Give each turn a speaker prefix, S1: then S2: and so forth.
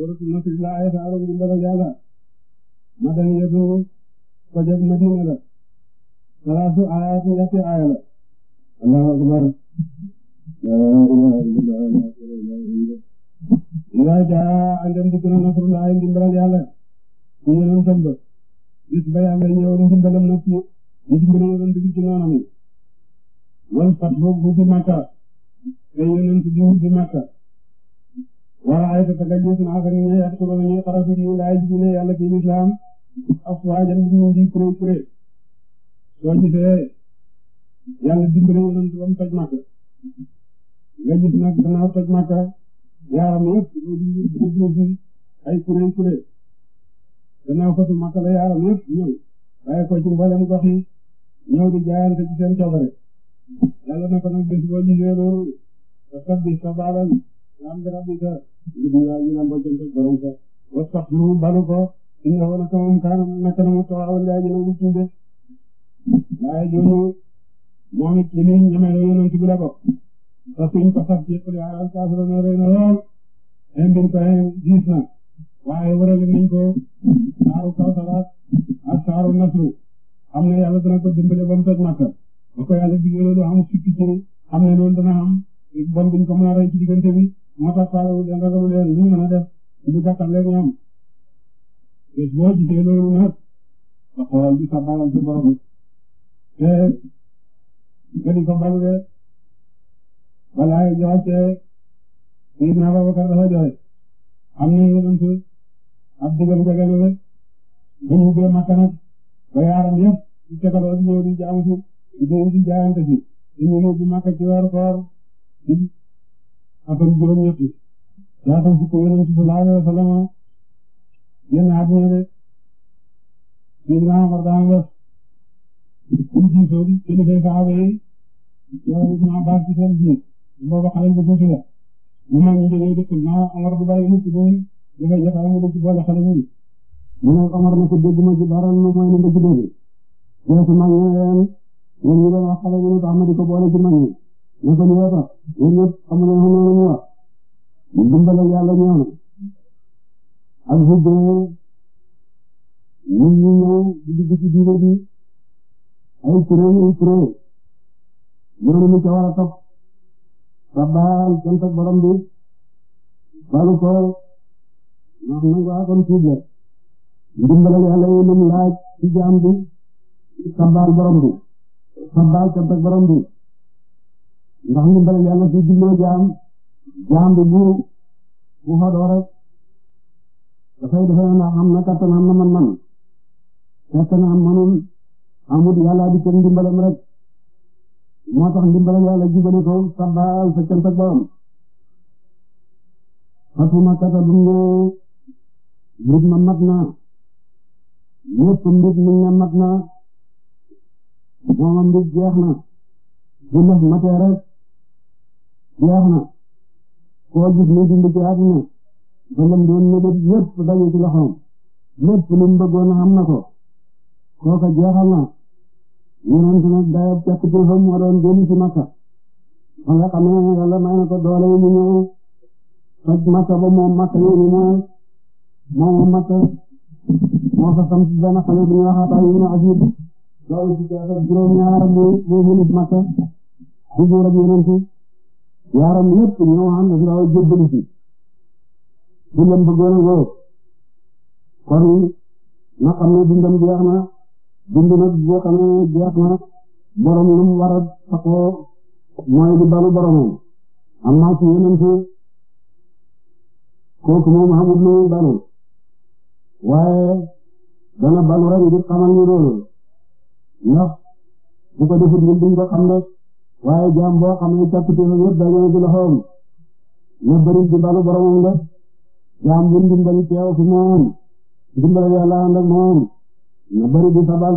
S1: suratu Nasr la ayat aroon di mbara Yàlla madaniyatu kojog Madina la salaasu ayat ñetti aaya la Allahu akbar laa ilaaha illallaa jaa andem dikk na nasrullahi ndimbalal Yàlla ñu yonent am ba bis ba Yàlla ñëw ndimbalam na ci ñu dimbali yonent bi ci noonam yi wal fat bu fi Makka te yonent bi fi Makka wala ay sa nga gis naa ni ñooy ak suba ñooy xaraf yi ñu laay gis ne yàlla ci lislaam afwaajan ñu di kuré kuré soo gisee yàlla dimbali yonent ba mu toj Makka nga gis nag gannaaw toj Makka yaaram yëpp ñu di ay kuré kuré gannaaw fatu Makka la yaaram yëpp ñëw waaye ko ci mboolem gox na ko nag bés boo gisee loolu sa sabbi sa baalal ñu bojjante borom sa wasax mu balu ko inna wala ka moom kaana naka na mu tawaawal yaa ñu ne mu tuube waaye jooju moom it li muy ñemeloo yonent bi la bokk parce que ñu ko sax ci xulyaal kaasara na rëy na lool indil ko gis na waaye warale nañ ko saaru kawsara ak saaru nasru xam ne yàlla dana ko dimbale ba mu toj Makka ba ko yàlla diggee loolu am sikki ci xam ne loolu dana am bon duñ ko mën a rey ci diggante moo tax faaw leen ragalu leen lu mën a def lu gàttal ñoom bés boo gisee loolu nag nga xoolal di sabbalal sa borom te nga di sabbal de balaa joxe te Seydina Abubakar dafa joxe am na yonent ak digal nga gën a wér ba ñu ubbee Makka nag ba yaaram yëpp di tegaloo di ñëw di jaamu si di jaayante si di ñëw di Makka ci weeru koor atam juróom-ñetti yaa tam fukk yonent bi sallallahu alayhi wa sallam génn àdduna de Seydina Omar daa wes ku jiitoon kilifay saxaaba yi yow Ibn Abbas ci seen biir booba xale bu tuuti la mu mag ñi dañuy dëkkul naa Omar du bàyyi mukk doon
S2: dafay jotaay mu dëkk boole xale yi mu ne Omar na ko dégg ma ci baral ma mooy na nga ci dégg yooyu su mag ñi leen yéen ñu doon wax xale yi tax ma di ko boole ci mag ñi na ko ñëwee sax yéen ñëpp xam nañu xam nañu mu wax mu dimbale yàlla ñëw na ak bu dee nit ñi ñëw di dugg ci diine bi ay kuréel ay kuréel loolu mu ca war a topp sabbaal sant ak borom bi balu ko ndax nangu akoon tuub la dimbale yàlla yi lim laaj ci jaam bi sabbaal borom bi sabbaal sant ak borom bi ndax ndimbalal yàlla du dimbalu jaam jaam bi bu bu xodoo rek dafay defe na am na kattan am na man-man fekk na manul amut yàlla di kenn ndimbalam rek moo tax ndimbalal yàlla jubale ko sabbaal sa cant ak borom fatuma kata dum ne mbir ma mat na ñépp mbir mi ne mat na moom mbir jeex na bu lëf matee rek neex na koo gis muy dund ci àdduna ba lam doon mébét lépp daje ci loxoom lépp lu mu bëggoon am na ko kooka jeexal na yonent nag dayab càkk téefam moo doon génn ci Makka ba nga xamee ne yàlla may na ko doole mu ñëw toj Makka ba moom Makka yooyu mooy moomu Makka moo fa samp benn xale bu ñu wax Ataay ibn Asiid loolu ci juróom-ñaar muy muy Makka di buurab yonent yaaram lépp ñoo xam ne daaw jébbalu ci du lëm bëggoon a góor na xam ne dundam jeex na dund nag boo xam ne jeex na borom lu mu war a taxoo mooy di balu boromam am naa ci yeneen fi kooku moom xamul lu muy balu waaye dana balu rek ngir xamal ñu loolu ndax bu ko defut ñun duñ ko xam waaye jaam boo xam ne capputeelam yëpp daje na ci loxoom bu ndimbali teew fi moom dimbalal yàlla moom na bëri di sabal